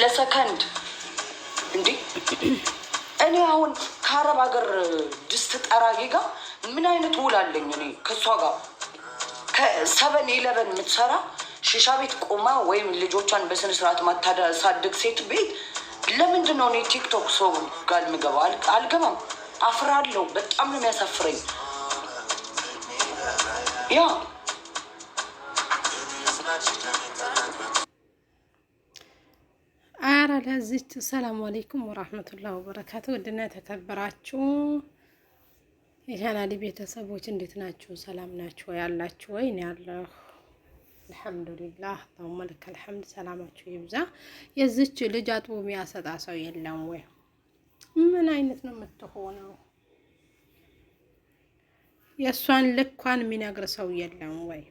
ለሰከንድ እንዴ እኔ አሁን ከአረብ ሀገር ድስት ጠራጊ ጋር ምን አይነት ውል አለኝ? እኔ ከእሷ ጋር ከሰበን ኤለቨን የምትሰራ ሽሻ ቤት ቆማ ወይም ልጆቿን በስነ ስርዓት ማታሳድግ ሴት ቤት ለምንድን ነው እኔ ቲክቶክ ሰው ጋር ምገባው? አልገባም። አፍራለሁ። በጣም ነው የሚያሳፍረኝ። ያ ለዚች ሰላም አለይኩም ወራህመቱላሂ ወበረካቱ። ውድና የተከበራችሁ የቻናሌ ቤተሰቦች እንዴት ናችሁ? ሰላም ናችሁ ያላችሁ ወይ? እኔ ያለሁ አልሐምዱሊላህ። አላሁመ ለከል ሐምድ። ሰላማችሁ ይብዛ። የዚች ልጅ አጥቦ የሚያሰጣ ሰው የለም ወይ? ምን አይነት ነው የምትሆነው? የእሷን ልኳን የሚነግር ሰው የለም ወይ?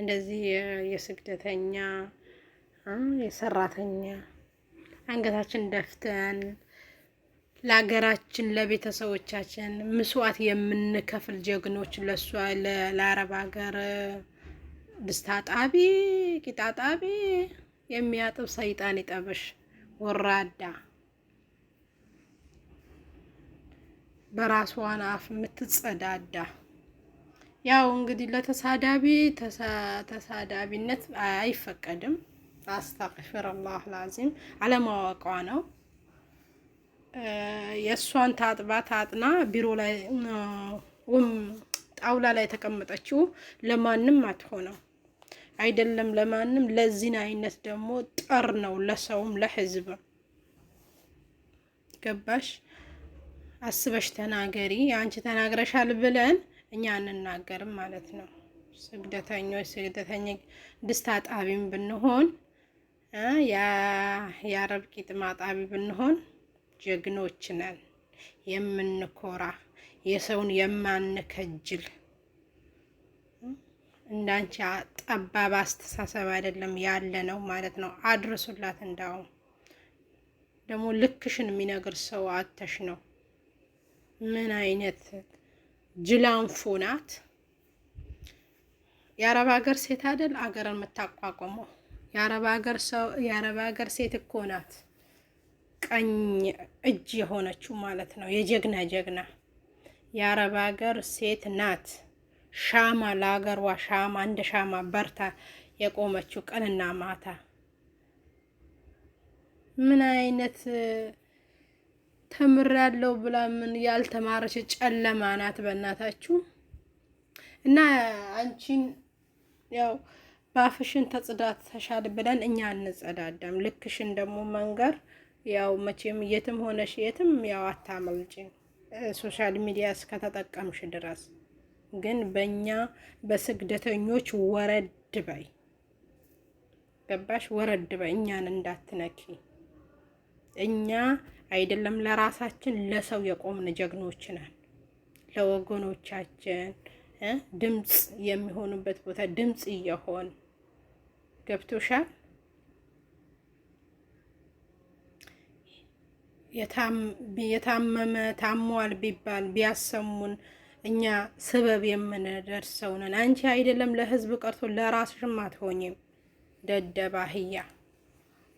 እንደዚህ የስግደተኛ የሰራተኛ አንገታችን ደፍተን ለሀገራችን ለቤተሰቦቻችን ምስዋት የምንከፍል ጀግኖች ለሷ ለአረብ ሀገር ቂጣ ጣቢ የሚያጥብ ሰይጣን ይጠብሽ። ወራዳ በራሷን አፍ የምትጸዳዳ ያው እንግዲህ ለተሳዳቢ ተሳዳቢነት አይፈቀድም። አስታቅፍር አላህ ላዚም አለማወቋ ነው። የእሷን ታጥባ ታጥና ቢሮ ላይ ጣውላ ላይ ተቀመጠችው ለማንም አትሆነው አይደለም ለማንም። ለዚህን አይነት ደግሞ ጠር ነው ለሰውም ለሕዝብም ገባሽ። አስበሽ ተናገሪ። አንቺ ተናግረሻል ብለን እኛ አንናገርም ማለት ነው። ስግደተኞች ስግደተኛ ድስት አጣቢም ብንሆን የአረብ ቂጥም አጣቢ ብንሆን ጀግኖች ነን የምንኮራ የሰውን የማንከጅል እንዳንቺ ጠባብ አስተሳሰብ አይደለም ያለ ነው ማለት ነው። አድርሱላት። እንዳውም ደግሞ ልክሽን የሚነግር ሰው አተሽ ነው። ምን አይነት ጅላንፎ ናት! የአረብ ሀገር ሴት አይደል አገርን የምታቋቁመው የአረብ ሀገር ሴት እኮ ናት ቀኝ እጅ የሆነችው ማለት ነው። የጀግና ጀግና የአረብ ሀገር ሴት ናት። ሻማ ለሀገሯ ሻማ እንደ ሻማ በርታ የቆመችው ቀንና ማታ። ምን አይነት ተምሬያለሁ ብላ ምን ያልተማረች ጨለማ ናት በእናታችሁ። እና አንቺን ያው ባፍሽን ተጽዳት ተሻል ብለን እኛ አንጸዳዳም። ልክሽን ደግሞ መንገር ያው መቼም የትም ሆነሽ የትም ያው አታመልጭም፣ ሶሻል ሚዲያ እስከተጠቀምሽ ድረስ ግን በእኛ በስግደተኞች ወረድ በይ፣ ገባሽ? ወረድ በይ፣ እኛን እንዳትነኪ። እኛ አይደለም ለራሳችን ለሰው የቆምን ጀግኖች ነን፣ ለወገኖቻችን ድምፅ የሚሆኑበት ቦታ ድምፅ እየሆን ገብቶሻል። የታመመ ታሟል ቢባል ቢያሰሙን እኛ ስበብ የምንደርሰው ነን። አንቺ አይደለም ለህዝብ ቀርቶ ለራስሽም አትሆኝም። ደደባ አህያ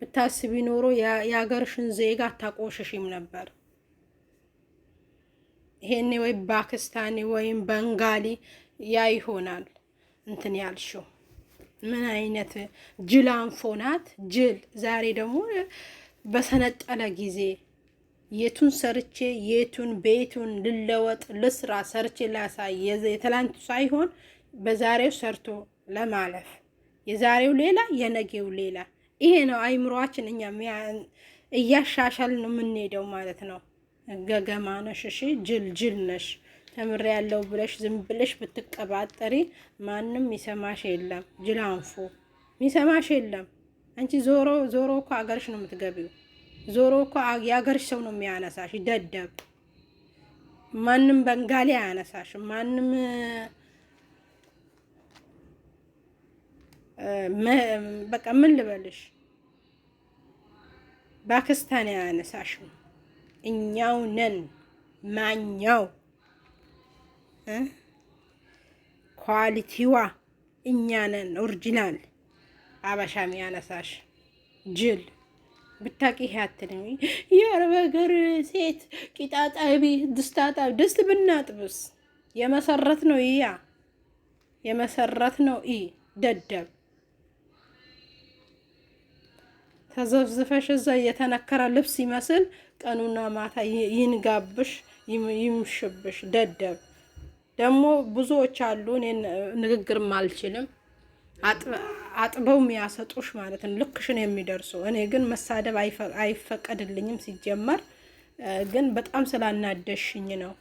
ብታስቢ ኖሮ የአገርሽን ዜጋ አታቆሽሽም ነበር። ይሄኔ ወይ ፓኪስታኒ ወይም በንጋሊ ያ ይሆናል እንትን ያልሽው ምን አይነት ጅል አንፎ ናት ጅል። ዛሬ ደግሞ በሰነጠለ ጊዜ የቱን ሰርቼ የቱን ቤቱን ልለወጥ ልስራ ሰርቼ ላሳይ የትላንቱ ሳይሆን በዛሬው ሰርቶ ለማለፍ የዛሬው ሌላ የነገው ሌላ። ይሄ ነው አይምሯችን እኛ እያሻሻል ነው የምንሄደው ማለት ነው። ገገማ ነሽ፣ እሺ ጅል ጅል ነሽ፣ ተምሬ ያለው ብለሽ ዝም ብለሽ ብትቀባጠሪ ማንም ሚሰማሽ የለም። ጅል አንፎ ሚሰማሽ የለም። አንቺ ዞሮ ዞሮ እኮ አገርሽ ነው የምትገቢው። ዞሮ እኮ የአገርሽ ሰው ነው የሚያነሳሽ። ደደብ ማንም በንጋሊ አያነሳሽ። ማንም በቃ ምን ልበልሽ፣ ፓኪስታን አያነሳሽም። እኛው ነን ማኛው ኳሊቲዋ እኛ ነን ኦሪጂናል አበሻ ሚያነሳሽ ጅል ብታቂ ያት ነው የአረብ ሀገር ሴት ቂጣ ጣቢ ድስታ ጣቢ ድስት ብናጥብስ የመሰረት ነው ያ የመሰረት ነው ኢ ደደብ ተዘፍዝፈሽ እዛ የተነከረ ልብስ ይመስል ቀኑና ማታ ይንጋብሽ፣ ይምሽብሽ። ደደብ ደግሞ ብዙዎች አሉ። እኔ ንግግርም አልችልም። አጥበው የሚያሰጡሽ ማለት ነው፣ ልክሽን የሚደርሱ። እኔ ግን መሳደብ አይፈቀድልኝም ሲጀመር፣ ግን በጣም ስላናደሽኝ ነው።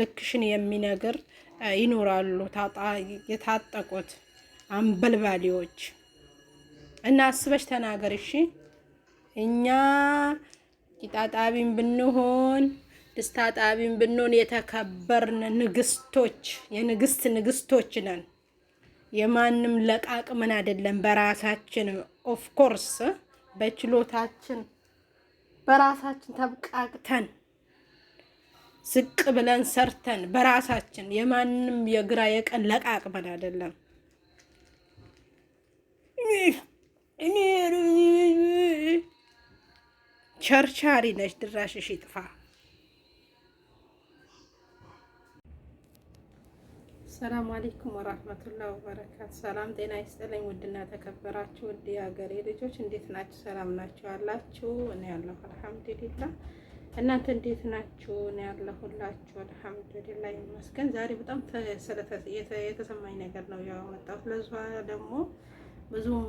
ልክሽን የሚነግር ይኖራሉ፣ የታጠቁት አንበልባሌዎች። እና አስበሽ ተናገር እሺ። እኛ ቂጣጣቢም ብንሆን ድስታ ጣቢም ብንሆን የተከበርን ንግስቶች፣ የንግስት ንግስቶች ነን። የማንም ለቃቅምን አይደለም። በራሳችን ኦፍ ኮርስ በችሎታችን በራሳችን ተብቃቅተን ዝቅ ብለን ሰርተን በራሳችን የማንም የግራ የቀን ለቃቅመን አይደለም። ቸርቻሪ ነች። ድራሽሽ ይጥፋ። ሰላም አለይኩም ወራህመቱላሂ ወበረካቱ። ሰላም ጤና ይስጥልኝ። ውድና ተከበራችሁ ውድ የሀገሬ ልጆች እንዴት ናችሁ? ሰላም ናችሁ አላችሁ? እኔ ያለሁ አልሐምዱሊላ። እናንተ እንዴት ናችሁ? እኔ ያለሁላችሁ አልሐምዱሊላ ይመስገን። ዛሬ በጣም የተሰማኝ ነገር ነው ያመጣሁት ለዛ ደግሞ ብዙም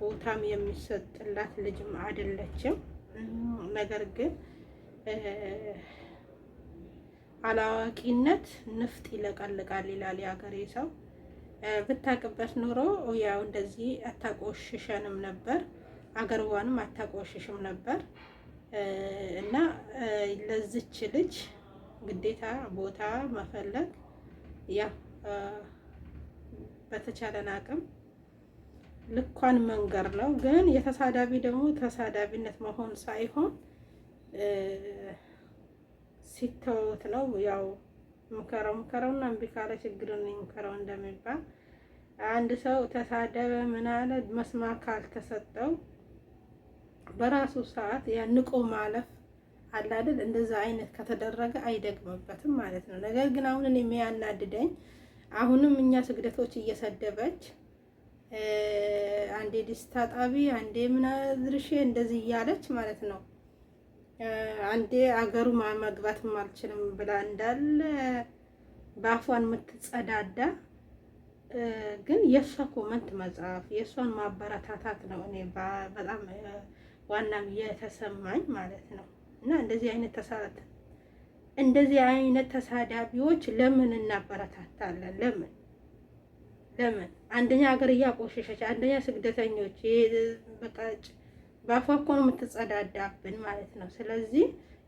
ቦታም የሚሰጥላት ልጅም አይደለችም። ነገር ግን አላዋቂነት ንፍጥ ይለቀልቃል ይላል የሀገሬ ሰው። ብታቅበት ኑሮ ያው እንደዚህ አታቆሽሸንም ነበር፣ አገርዋንም አታቆሽሽም ነበር። እና ለዚች ልጅ ግዴታ ቦታ መፈለግ ያው በተቻለን አቅም ልኳን መንገር ነው። ግን የተሳዳቢ ደግሞ ተሳዳቢነት መሆን ሳይሆን ሲተውት ነው። ያው ምከረው ምከረውና እምቢ ካለ ችግርን ምከረው እንደሚባል አንድ ሰው ተሳደበ ምናለ መስማት ካልተሰጠው በራሱ ሰዓት ያንቆ ማለፍ አላደል እንደዛ አይነት ከተደረገ አይደግምበትም ማለት ነው። ነገር ግን አሁን እኔ የሚያናድደኝ አሁንም እኛ ስግደቶች እየሰደበች አንዴ ደስታ ታጣቢ፣ አንዴ ምን አድርሼ እንደዚህ እያለች ማለት ነው። አንዴ አገሩ መግባትም አልችልም ብላ እንዳለ በአፏን የምትጸዳዳ ግን የእሷ ኮመንት መጽሐፍ የእሷን ማበረታታት ነው እኔ በጣም ዋናም የተሰማኝ ማለት ነው። እና እንደዚህ አይነት ተሳት እንደዚህ አይነት ተሳዳቢዎች ለምን እናበረታታለን? ለምን ለምን አንደኛ ሀገር እያቆሸሸች፣ አንደኛ ስግደተኞች በቃ በአፏ እኮ ነው የምትጸዳዳብን ማለት ነው። ስለዚህ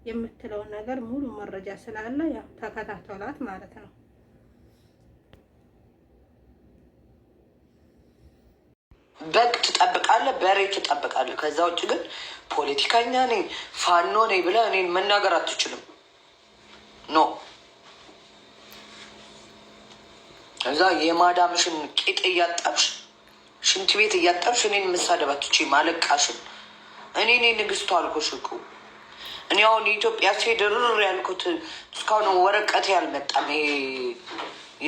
የምትለውን ነገር ሙሉ መረጃ ስላለ ያው ተከታተሏት ማለት ነው። በግ ትጠብቃለህ፣ በሬ ትጠብቃለህ። ከዛ ውጭ ግን ፖለቲከኛ ነኝ ፋኖ ነኝ ብለህ እኔን መናገር አትችልም ኖ እዛ የማዳምሽን ቂጥ እያጠብሽ ሽንት ቤት እያጠብሽ እኔን መሳደባት ትቼ ማለቃሽን እኔ እኔ ንግስቱ አልኩሽ እኮ እኔ አሁን የኢትዮጵያ ስሄድ ርር ያልኩት እስካሁን ወረቀት ያልመጣም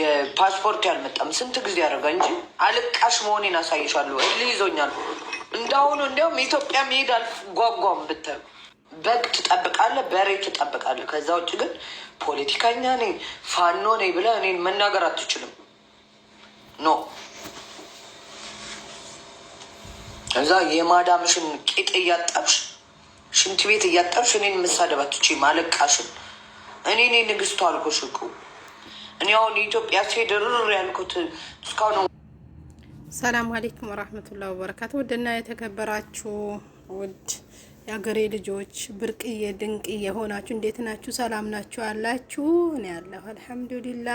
የፓስፖርት ያልመጣም ስንት ጊዜ ያደረጋ እንጂ አልቃሽ መሆኔን አሳይሻለሁ። እል ይዞኛል እንዳሁኑ እንዲያውም ኢትዮጵያ መሄድ አልጓጓም ብትል በግ ትጠብቃለህ፣ በሬ ትጠብቃለህ። ከዛ ውጭ ግን ፖለቲከኛ ነኝ ፋኖ ነኝ ብለህ እኔን መናገር አትችልም። ኖ እዛ የማዳምሽን ቂጥ እያጠብሽ ሽንት ቤት እያጠብሽ እኔን መሳደባት ትች ማለቃሽን እኔ እኔ ንግስቱ አልኩሽ እኮ እኔ አሁን የኢትዮጵያ ሴደርር ያልኩት እስካሁን። ሰላም አሌይኩም ወራህመቱላ ወበረካቱ። ውድና የተከበራችሁ ውድ የአገሬ ልጆች ብርቅዬ ድንቅዬ ሆናችሁ እንዴት ናችሁ? ሰላም ናችሁ አላችሁ? እኔ ያለሁ አልሐምዱሊላ።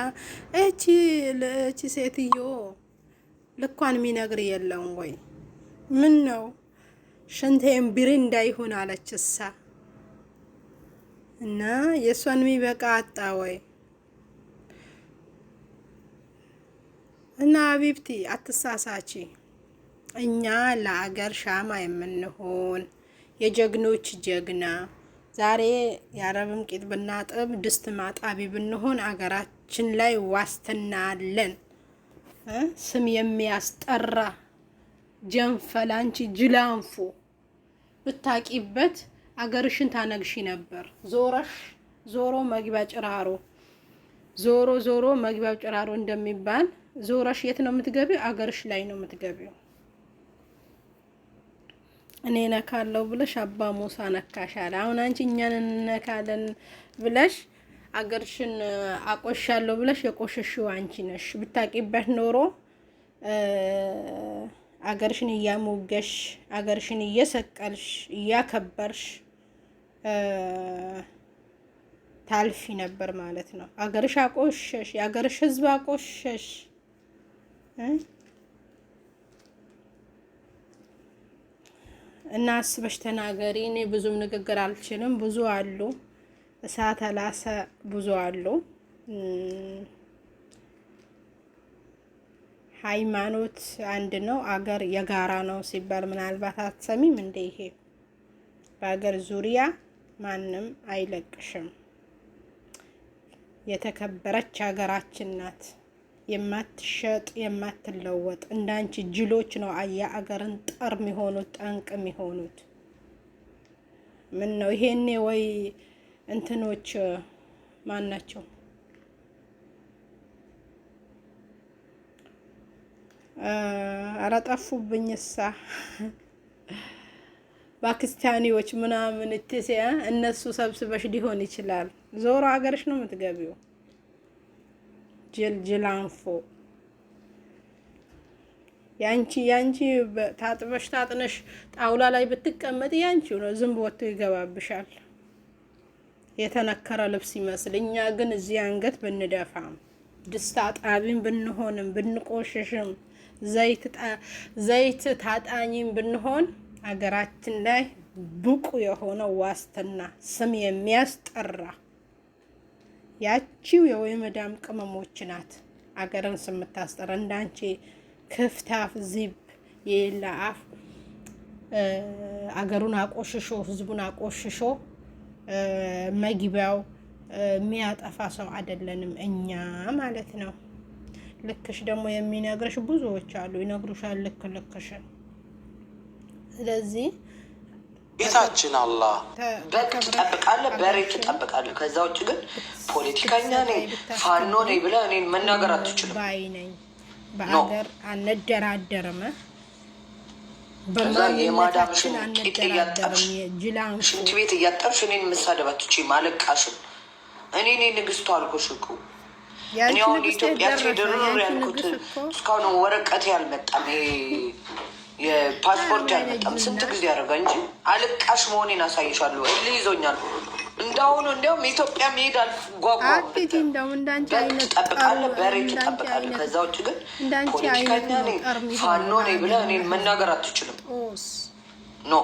እቺ ለእቺ ሴትዮ ልኳን የሚነግር የለውም ወይ? ምን ነው ሽንቴን ብሬ እንዳይሆን አለች እሳ እና የእሷን የሚበቃ አጣ ወይ? እና አቢብቲ አትሳሳቺ። እኛ ለአገር ሻማ የምንሆን የጀግኖች ጀግና። ዛሬ የአረብም ቂጥ ብናጥብ ድስት ማጣቢ ብንሆን አገራችን ላይ ዋስትና አለን። ስም የሚያስጠራ ጀንፈላንቺ ጅላንፎ ብታቂበት አገርሽን ታነግሺ ነበር። ዞረሽ ዞሮ መግቢያ ጭራሮ፣ ዞሮ ዞሮ መግቢያው ጭራሮ እንደሚባል ዞረሽ የት ነው የምትገቢው? አገርሽ ላይ ነው የምትገቢው። እኔ ነካለው ብለሽ አባ ሙሳ ነካሻል። አሁን አንቺ እኛን እንነካለን ብለሽ አገርሽን አቆሻለሁ ብለሽ የቆሸሽው አንቺ ነሽ። ብታቂበት ኖሮ አገርሽን እያሞገሽ አገርሽን እየሰቀልሽ እያከበርሽ ታልፊ ነበር ማለት ነው። አገርሽ አቆሸሽ፣ የአገርሽ ህዝብ አቆሸሽ። እና አስበሽ ተናገሪ። እኔ ብዙም ንግግር አልችልም። ብዙ አሉ እሳተ ላሰ ብዙ አሉ። ሃይማኖት አንድ ነው፣ አገር የጋራ ነው ሲባል ምናልባት አትሰሚም እንደ ይሄ በአገር ዙሪያ ማንም አይለቅሽም። የተከበረች ሀገራችን ናት። የማትሸጥ የማትለወጥ እንዳንቺ ጅሎች ነው የአገርን ጠር የሚሆኑት ጠንቅ የሚሆኑት። ምን ነው ይሄኔ ወይ እንትኖች ማን ናቸው? አላጠፉብኝ እሳ ፓኪስታኒዎች ምናምን እትሴ እነሱ ሰብስበሽ ሊሆን ይችላል። ዞሮ ሀገርሽ ነው የምትገቢው። ጅላንፎ ያንቺ ያንቺ ታጥበሽ ታጥነሽ ጣውላ ላይ ብትቀመጥ ያንቺው ነው፣ ዝንብ ወጥቶ ይገባብሻል። የተነከረ ልብስ ይመስል። እኛ ግን እዚህ አንገት ብንደፋም ድስት አጣቢም ብንሆንም ብንቆሽሽም ዘይት ታጣኝም ብንሆን አገራችን ላይ ብቁ የሆነ ዋስትና ስም የሚያስጠራ ያቺው የመዳም ቅመሞች ናት አገርን ስምታስጠር እንዳንቺ ክፍታፍ ዚብ የሌለ አፍ አገሩን አቆሽሾ ህዝቡን አቆሽሾ መግቢያው የሚያጠፋ ሰው አይደለንም እኛ ማለት ነው። ልክሽ ደግሞ የሚነግርሽ ብዙዎች አሉ፣ ይነግሩሻል ልክ ልክሽን። ስለዚህ ጌታችን አላህ በግ ትጠብቃለህ፣ በሬ ትጠብቃለህ። ከዛ ውጭ ግን ፖለቲከኛ ነኝ ፋኖ ነኝ ብለህ እኔን መናገር አትችልም። በሀገር አንደራደርም። በማንነታችን አንደራደርም። ሽንት ቤት እያጠብሽ እኔን መሳደብ አትችይም። ማለቃሽን እኔ እኔ ንግስቱ አልኩሽ እኮ እኔ አሁን ኢትዮጵያ ፌደራል ያልኩት እስካሁን ወረቀት ያልመጣም የፓስፖርት አልመጣም። ስንት ጊዜ ያደረጋ እንጂ አልቃሽ መሆኔን አሳይሻለሁ። እል ይዞኛል እንዳሁኑ እንዲያውም ኢትዮጵያ መሄድ አልጓጓአቤት እንደውም በሬ ጠብቃለ። ከዛ ውጭ ግን ፖለቲከኛ ፋኖ ነኝ ብለህ እኔን መናገር አትችልም። ኖ